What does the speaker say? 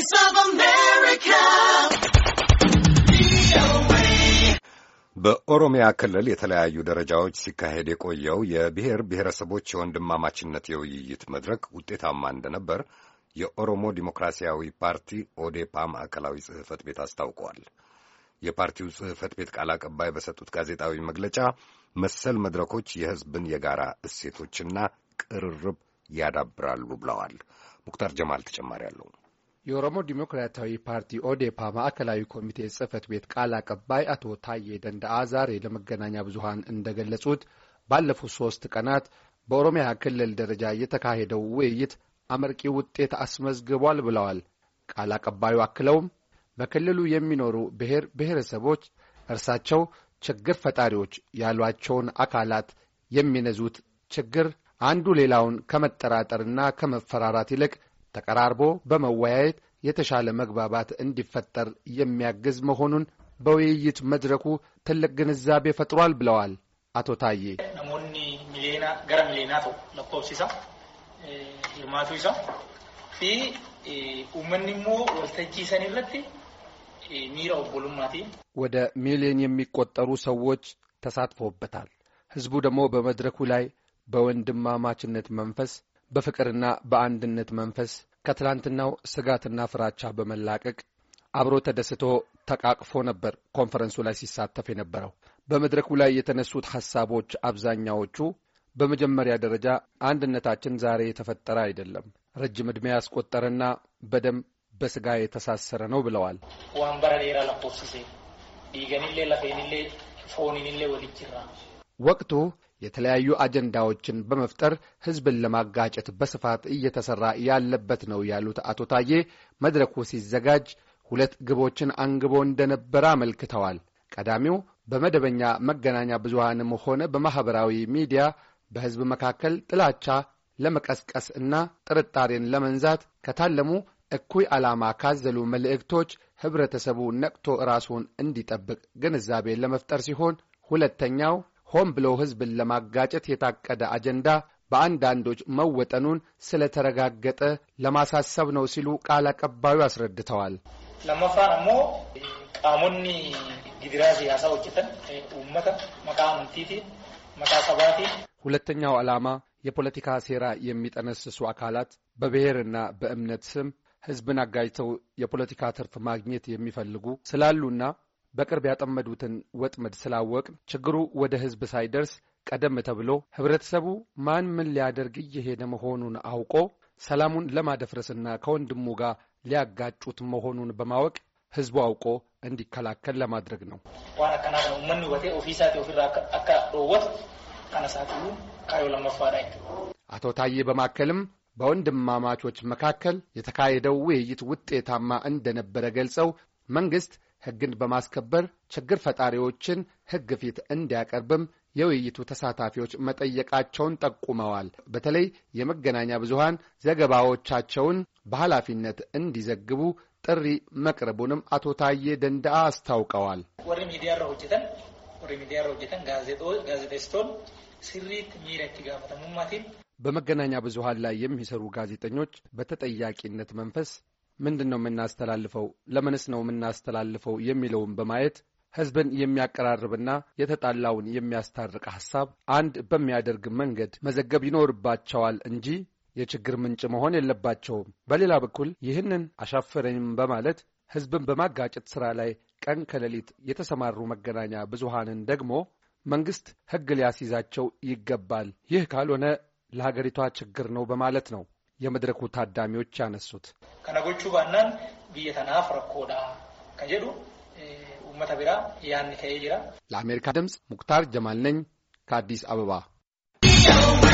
Voice of America. በኦሮሚያ ክልል የተለያዩ ደረጃዎች ሲካሄድ የቆየው የብሔር ብሔረሰቦች የወንድማማችነት የውይይት መድረክ ውጤታማ እንደነበር የኦሮሞ ዲሞክራሲያዊ ፓርቲ ኦዴፓ ማዕከላዊ ጽሕፈት ቤት አስታውቀዋል። የፓርቲው ጽሕፈት ቤት ቃል አቀባይ በሰጡት ጋዜጣዊ መግለጫ መሰል መድረኮች የሕዝብን የጋራ እሴቶችና ቅርርብ ያዳብራሉ ብለዋል። ሙክታር ጀማል ተጨማሪ አለው። የኦሮሞ ዲሞክራሲያዊ ፓርቲ ኦዴፓ ማዕከላዊ ኮሚቴ ጽህፈት ቤት ቃል አቀባይ አቶ ታዬ ደንዳአ ዛሬ ለመገናኛ ብዙኃን እንደገለጹት ባለፉት ሶስት ቀናት በኦሮሚያ ክልል ደረጃ የተካሄደው ውይይት አመርቂ ውጤት አስመዝግቧል ብለዋል። ቃል አቀባዩ አክለውም በክልሉ የሚኖሩ ብሔር ብሔረሰቦች እርሳቸው ችግር ፈጣሪዎች ያሏቸውን አካላት የሚነዙት ችግር አንዱ ሌላውን ከመጠራጠርና ከመፈራራት ይልቅ ተቀራርቦ በመወያየት የተሻለ መግባባት እንዲፈጠር የሚያግዝ መሆኑን በውይይት መድረኩ ትልቅ ግንዛቤ ፈጥሯል ብለዋል አቶ ታዬ። ነሞኒ ሚሊዮና ገረ ሚሊዮና ተው ለኮብሲሳ ልማቱ ይሳ ፊ ኡመኒ ሞ ወልተጂ ሰን ረት ወደ ሚሊዮን የሚቆጠሩ ሰዎች ተሳትፎበታል። ህዝቡ ደግሞ በመድረኩ ላይ በወንድማማችነት መንፈስ በፍቅርና በአንድነት መንፈስ ከትላንትናው ስጋትና ፍራቻ በመላቀቅ አብሮ ተደስቶ ተቃቅፎ ነበር ኮንፈረንሱ ላይ ሲሳተፍ የነበረው። በመድረኩ ላይ የተነሱት ሐሳቦች አብዛኛዎቹ በመጀመሪያ ደረጃ አንድነታችን ዛሬ የተፈጠረ አይደለም፣ ረጅም ዕድሜ ያስቆጠረና በደም በስጋ የተሳሰረ ነው ብለዋል። ወቅቱ የተለያዩ አጀንዳዎችን በመፍጠር ሕዝብን ለማጋጨት በስፋት እየተሠራ ያለበት ነው ያሉት አቶ ታዬ መድረኩ ሲዘጋጅ ሁለት ግቦችን አንግቦ እንደነበረ አመልክተዋል። ቀዳሚው በመደበኛ መገናኛ ብዙሃንም ሆነ በማኅበራዊ ሚዲያ በሕዝብ መካከል ጥላቻ ለመቀስቀስ እና ጥርጣሬን ለመንዛት ከታለሙ እኩይ ዓላማ ካዘሉ መልእክቶች ኅብረተሰቡ ነቅቶ ራሱን እንዲጠብቅ ግንዛቤ ለመፍጠር ሲሆን ሁለተኛው ሆን ብሎ ሕዝብን ለማጋጨት የታቀደ አጀንዳ በአንዳንዶች መወጠኑን ስለተረጋገጠ ለማሳሰብ ነው ሲሉ ቃል አቀባዩ አስረድተዋል። ለመፋን ሞ ቃሙኒ ጊዲራ ሲያሳ ውጭተን መተ መቃ ምንቲቲ መቃ ሰባቲ ሁለተኛው ዓላማ የፖለቲካ ሴራ የሚጠነስሱ አካላት በብሔርና በእምነት ስም ሕዝብን አጋጅተው የፖለቲካ ትርፍ ማግኘት የሚፈልጉ ስላሉና በቅርብ ያጠመዱትን ወጥመድ ስላወቅ ችግሩ ወደ ህዝብ ሳይደርስ ቀደም ተብሎ ህብረተሰቡ ማን ምን ሊያደርግ እየሄደ መሆኑን አውቆ ሰላሙን ለማደፍረስና ከወንድሙ ጋር ሊያጋጩት መሆኑን በማወቅ ህዝቡ አውቆ እንዲከላከል ለማድረግ ነው። አቶ ታዬ በማከልም በወንድማማቾች መካከል የተካሄደው ውይይት ውጤታማ እንደነበረ ገልጸው መንግስት ሕግን በማስከበር ችግር ፈጣሪዎችን ሕግ ፊት እንዲያቀርብም የውይይቱ ተሳታፊዎች መጠየቃቸውን ጠቁመዋል። በተለይ የመገናኛ ብዙሃን ዘገባዎቻቸውን በኃላፊነት እንዲዘግቡ ጥሪ መቅረቡንም አቶ ታዬ ደንዳአ አስታውቀዋል። ወሪ ሚዲያራ ሆጀተን ወሪ ሚዲያራ ሆጀተን ጋዜጤስቶን ስሪት ሚረት ጋፈተሙማቲን በመገናኛ ብዙሃን ላይ የሚሰሩ ጋዜጠኞች በተጠያቂነት መንፈስ ምንድን ነው የምናስተላልፈው፣ ለምንስ ነው የምናስተላልፈው የሚለውን በማየት ህዝብን የሚያቀራርብና የተጣላውን የሚያስታርቅ ሐሳብ አንድ በሚያደርግ መንገድ መዘገብ ይኖርባቸዋል እንጂ የችግር ምንጭ መሆን የለባቸውም። በሌላ በኩል ይህንን አሻፈረኝም በማለት ህዝብን በማጋጨት ሥራ ላይ ቀን ከሌሊት የተሰማሩ መገናኛ ብዙሃንን ደግሞ መንግሥት ሕግ ሊያስይዛቸው ይገባል። ይህ ካልሆነ ለሀገሪቷ ችግር ነው በማለት ነው የመድረኩ ታዳሚዎች ያነሱት። ከነጎቹ ባናን ብየተናፍ ረኮዳ ከጀዱ ኡመተ ቢራ ያን ከ ለአሜሪካ ድምፅ ሙክታር ጀማል ነኝ ከአዲስ አበባ